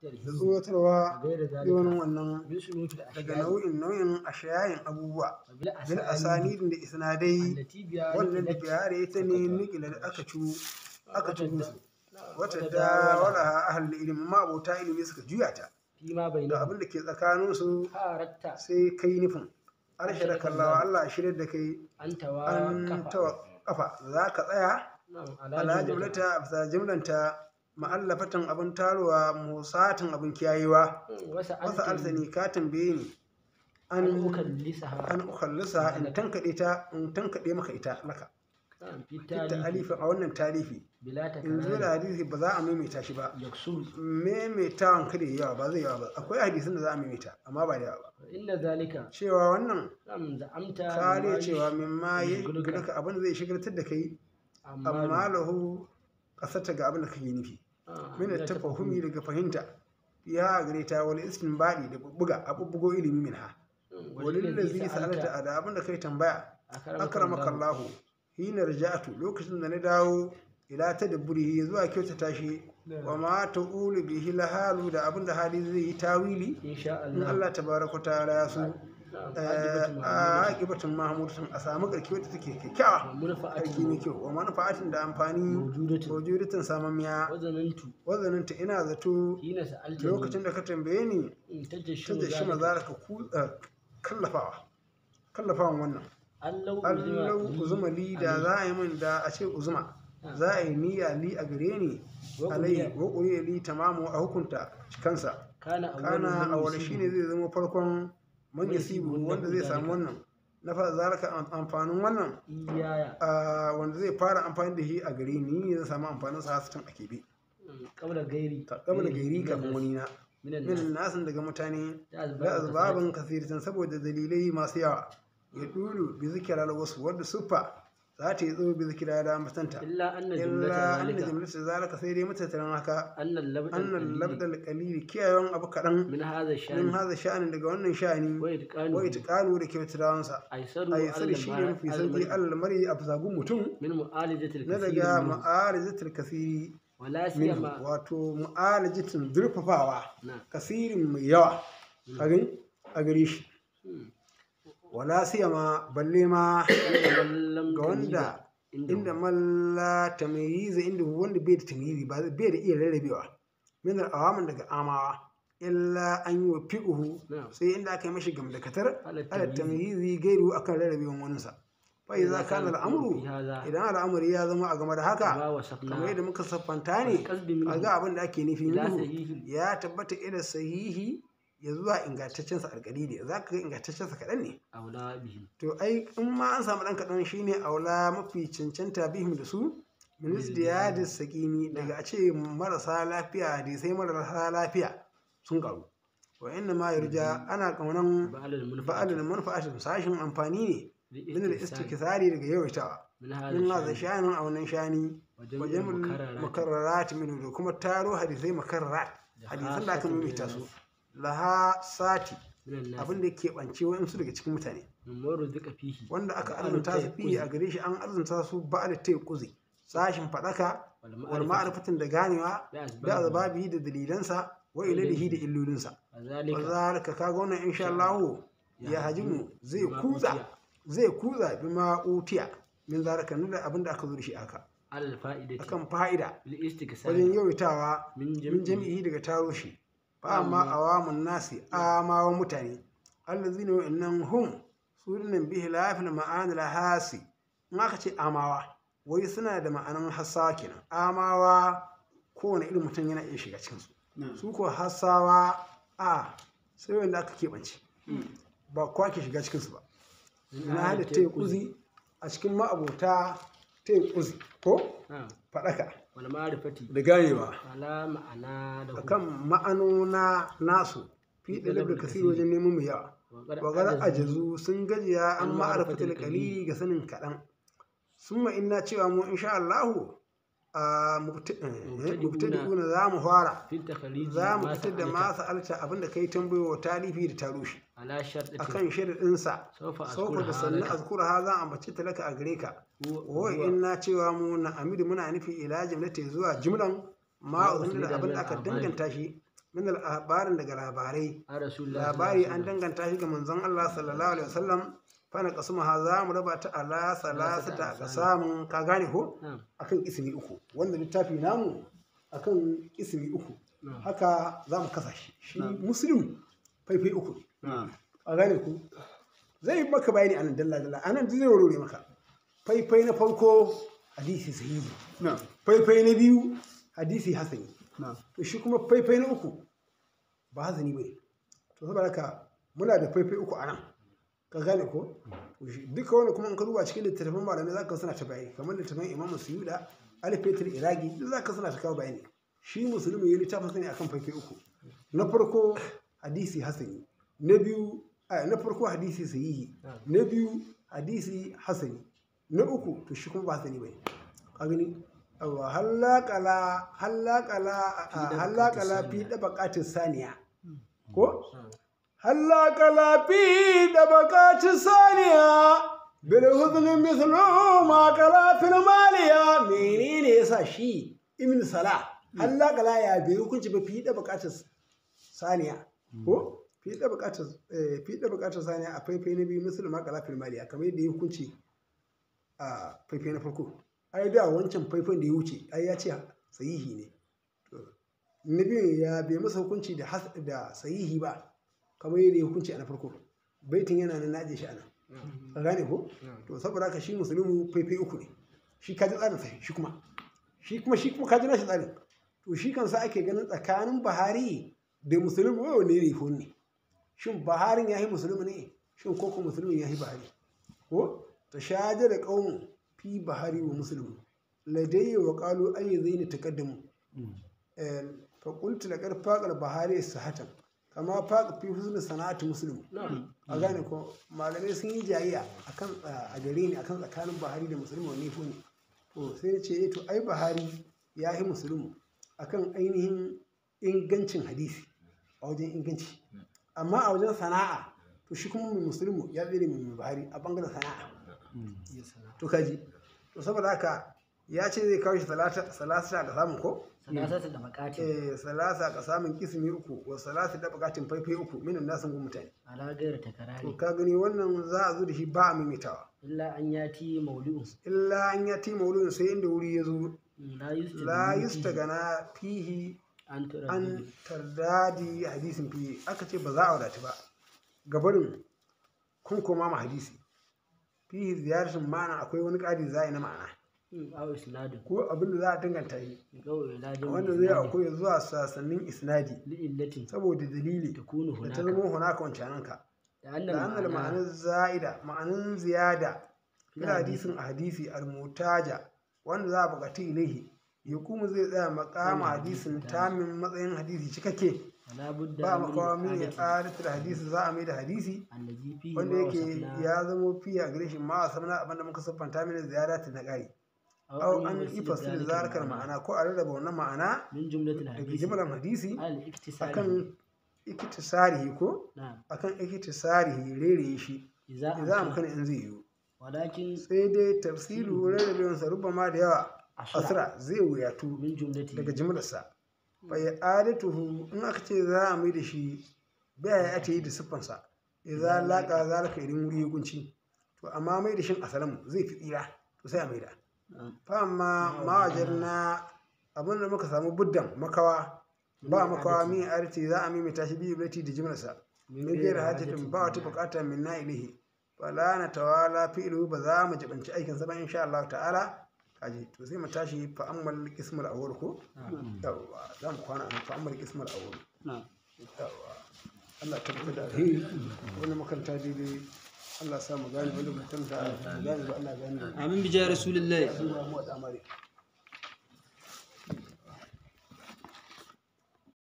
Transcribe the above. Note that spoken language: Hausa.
tsoratarwa irin wannan daga nau'in nau'in ashayayin abubuwa bil asanidin da isnadai wannan da biyare ta ne nikilar aka cu aka cu musu wata da wala ahal ilimin ma abota ilimi suka juya ta da abin da ke tsakanin su sai kai nufin an shirya kallawa Allah shirya da kai an tawa kafa za ka tsaya ala jimlata a jimlanta ma'allafatan abin taruwa musatan abin kiyayewa hmm. wasu alsani katin biyu ne an ukallisa in tankaɗe ta in tankaɗe maka ita laka fita alifin a wannan tarihi in zo da hadisi ba za a maimaita shi ba maimaitawan kada yawa ba zai yawa ba akwai hadisin da za a maimaita amma ba da yawa ba cewa wannan kare cewa mimma ya gudunka abin zai shigartar da kai amma lahu kasarta ga abin da kake nufi min tafahumi daga fahimta ya gare ta wani iskin baɗi da bubbuga a bubbugo ilimi min ha hmm. wani da zai sa'alata a da abin da kai tambaya akramaka Allahu hina rajatu lokacin da na dawo ila ta ya zuwa kyauta shi wa ma ta'ulu bihi lahalu da abin da hali zai yi tawili in Allah ta ta'ala rasu Eh, a gibatun sun a samu ƙarki wata take kyakkyawa karki ne kyau wa manufa'atin da amfani wujudatin samamiya wazaninta ina zato lokacin da ka tambaye ni ta da shi mazara ka kallafawa kallafawan wannan allau uzuma li da za a yi min da a ce uzuma ah. za a yi niyya li a gare ni alayi wa ya li tamamu a hukunta kansa kana a wani shine zai zama farkon man yasibu wanda zai samu wannan na fara ka amfanin wannan ah, wanda zai fara amfani da shi a gare ni zai samu amfanin sa hasitan a kebe kabla mm, gairi kabla gairi eh, wani na min nasin daga mutane da azbabin kasiritan saboda dalilai masu yawa ya dulu bi zikira wasu wadda sufa za ta yi tsoho bi zikira da ambatanta illa anna jumlata zalika sai dai mutatarin haka an annan labdal qalili kiyayen abu kaɗan min haza sha'ani daga wannan sha'ani wa itqanu da kyautawan sa aisaru shi ne mafi sauki almari a fasagun mutum na daga ma'alizatul kasiri wato ma'alizatul zurfafawa kasirin mai yawa a gare shi wala siyama balle ma ga wanda inda malla tamyiza inda wanda bai da tamyizi ba bai da iya rarrabewa min al-awamin daga amawa illa an yi wa fi'uhu sai inda aka yi mashi katar ala tamyizi gairu akan rarrabewan sa fai za ka da al'amuru idan al'amuri ya zama a game da haka kamar yadda muka saffanta ne a ga abin da ake nufi ya tabbata irin sahihi ya zuwa ingantaccen sa ne za ka ga ingantaccen sa kaɗan ne aula bihim to ai in ma an samu ɗan kaɗan shine aula mafi cancanta bihim da su minis da ya da sakini daga a ce marasa lafiya da sai marasa lafiya sun karu wa inna ma yarja mhm. ana kaunan ba'alul manfa'atin sashin amfani ne min al-istikthari daga yawaitawa min hadha shanin a wannan shani wajen mukarrarat min da kuma taro hadisai makarrarat hadisan da aka mimita su laha sati abin da ke ɓance su daga cikin mutane wanda aka arzunta su fiye a gare shi an arzunta su ba da ta yi kuzi sashin fadaka wal ma'arifatin da ganewa da azababi da dalilansa wa ilalihi da illolinsa wazalika kaga wannan insha Allah ya hajimu zai kuza zai kuza bi ma'utiya min zaraka nuna abin da aka zo shi aka akan fa'ida wajen yawaitawa min jami'i daga taro shi fa amma awamun nasi amawa mutane allazina wa'annan hum su dinnan bihi lafil ma'ana lahasi in aka ce amawa wai suna da ma'anan hassa kenan amawa kowane irin mutum yana iya shiga cikin su su ko hassawa a sai wanda aka keɓance hmm. ba kuwa ke shiga cikin su ba na hada ta kuzi a cikin ma'abota ta kuzi ko faɗaka wal ma'rifati da ganewa ala ma'ana da ma'anona nasu fi dalil kasiri wajen neman mu yawa wagar ajazu sun gajiya an ma'arfatil qalili ga sanin kaɗan summa inna cewa mu insha Allahu Eh, eh, mubtadi'una za mu fara za mu fitar da masu alta abinda kai tambayowa talifi da a kan shirin sa sauka da sannu azkura ha za a ambaci talaka a gare ka in na cewa mu na amidu muna nufi ila jimlati zuwa jimlan ma uzun da abin da aka danganta shi min labarin daga labarai labari an danganta shi ga manzon Allah sallallahu alaihi wasallam fana kasuma za mu raba ta ala salasa ta samun. ka gane ko akan ismi uku wanda littafi namu akan ismi uku haka za mu kasa shi shi muslim faifai uku a gane ku zai maka bayani anan dalla dalla anan zai warware maka faifai na farko hadisi sahihi faifai na biyu hadisi hasani to shi kuma faifai na uku ba hasani bai? to saboda haka muna da faifai uku anan ka gane ko duka wani kuma in ka duba cikin littattafan malamai za ka suna ta bayani kamar littattafan imamu suyuda alifetul iragi duk za ka suna ta kawo bayani shi musulmi ya littafin sani akan fanke uku na farko hadisi hasani na biyu na farko hadisi sahihi na biyu hadisi hasani na uku to shi kuma ba hasani bane ka gani hallakala hallakala hallakala fi dabaqatis saniya hmm. ko hmm. هلاك لابيد بقات ثانية بالهذل مثل ما قلا في المالية منين يسا شي ابن صلاح هلاك لا يا بيو كنت بفيد بقات ثانية ko fiɗa buƙatar eh, fiɗa buƙatar sani a faifai na biyu misali ma kala filmaliya kamar yadda ya hukunci a faifai na farko ai da wancan faifan da ya wuce ai ya ce sahihi ne na biyu ya bai masa hukunci da sahihi ba kamar yadda ya hukunci a na farko baitin yana nan na ajiye shi a nan ka gane ko to saboda haka shi musulmi faifai uku ne shi kaji tsarin sa shi kuma shi kuma shi kuma kaji nashi tsarin to shi kansa ake ganin tsakanin Buhari da musulmi wai wanne ne ne shin Buharin yi musulmi ne shin koko musulmi yi Buhari ko ta shaje da kaumun fi Buhari wa musulmi ladayya wa qalu ayyi zaini taqaddamu mm. eh, fa qultu laqad faqal Buhari sahatan amma faɗi fi husnul sana'ati musulmi a gane ko malamai sun yi jayayya kan a gare ni akan tsakanin Buhari da musulmi wani ne to sai na ce eh, to ai Buhari ya yi a akan ainihin ingancin hadisi a wajen inganci amma a wajen sana'a to shi kuma mai musulmi ya tsere mai Buhari a bangaren sana'a hmm. to kaji to saboda haka ya ce zai kawo shi salasa ga samun ko? salasa da makatin eh salasa ga samun ismi uku wa salasa da makatin faifai uku minan nasin gun mutane ala gairar takarari to ka gani wannan za a zo da shi ba a maimaitawa illa an ti maulidin illa an ti maulidin sai inda wuri ya zo mm, la gana fihi an tardadi hadisin fihi aka ce ba za a wadatu ba gabarin kun koma ma hadisi fihi ziyarar ma'ana akwai wani ƙari za na ma'ana ko abin da za a danganta yi wanda zai a ya zuwa sassanin isnadi saboda dalili da ta zama canan ka da annal ma'anin za'ida ma'anin ziyada fil hadisin a hadisi al-mutaja wanda za a bukatu ilaihi ya kuma zai tsaya makama hadisin tamin matsayin hadisi cikakke ba makawa min ya da hadisi za a mai da hadisi wanda yake ya zama a gare shi ma a samuna abinda muka siffanta mini ziyara ta na ƙari أو أن يفسر ذلك المعنى كو أرد بونا معنى من جملة الحديث جملة الحديثي أكن اكتساره كو نعم أكن اكتساره ليريشي إذا إذا أمكن إنزيه ولكن سيدي تفسير ولد بينسى ما ديوا أسرع زي وياتو من جملة لك جملة سا فإعادته إن أكتي ذا أميد شي بها أتي دي سا إذا لاقى ذلك إلي مريه كنشي to أسلم زي في shin asalan zai fa'amma ma'ajar na abinda muka samu buddan makawa ba makawa min arti za a mimita shi biyu bati da jimlarsa min gaira hajjatin ba wata bukatar min na ilihi la na tawala fi'lu ba za mu jibanci aikin sa ba insha Allah ta'ala kaji to sai mu tashi fa ammal a awwal ko yawa za mu kwana an fa ammal qismul awwal yawa Allah tabbata da wani makanta daidai Allah sa mu gane wanda mutum da Allah gane gane amin bi ja rasulullahi